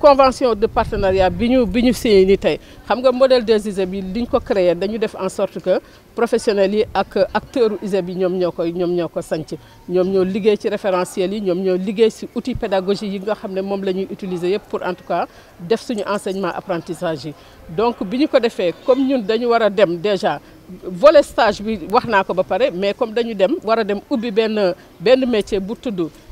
convention de partenariat biñu biñu bi ñu signé ni xam nga modèle de ISEP bi liñ ko créer dañu def en sorte que professionnels yi ak acteurs ISEP bi ñom ñoko ñom ñoko ñoo ko sanc ñoom ñoo liggé ci référentiel yi ñom ñoo liggé ci outils pédagogiques yi nga xamné mom lañuy utiliser yépp pour en tout cas def suñu enseignement apprentissage yi donc biñu ko défé comme ñun dañu wara dem déjà volet stage bi waxna ko ba pare mais comme dañu dem wara dem ubi ben ben métier bu tudd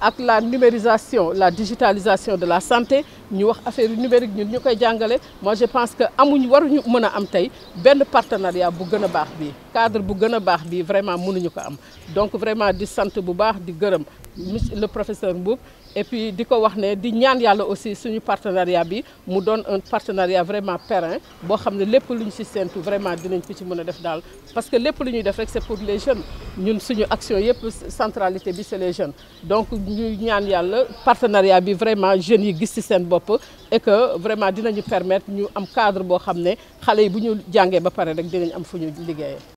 avec la numérisation la digitalisation de la santé nous avons affaire numérique ñun nous moi je pense que nous avons a partenariat bu le cadre bu vraiment donc vraiment di santé le professeur Mboub et puis di ko wax ne di ñaan yalla aussi suñu partenariat bi mu donne un partenariat vraiment périn bo xamné lepp luñ ci sentu vraiment dinañ ci mëna def dal parce que lepp luñu def rek c'est pour les jeunes ñun suñu action yépp centralité bi c'est les jeunes donc ñu ñaan yalla partenariat bi vraiment jeunes yi gis ci sen bop et que vraiment dinañu permettre ñu am cadre bo xamné ne yi bu ñu jàngee ba paré rek dinañ am fuñu liggéey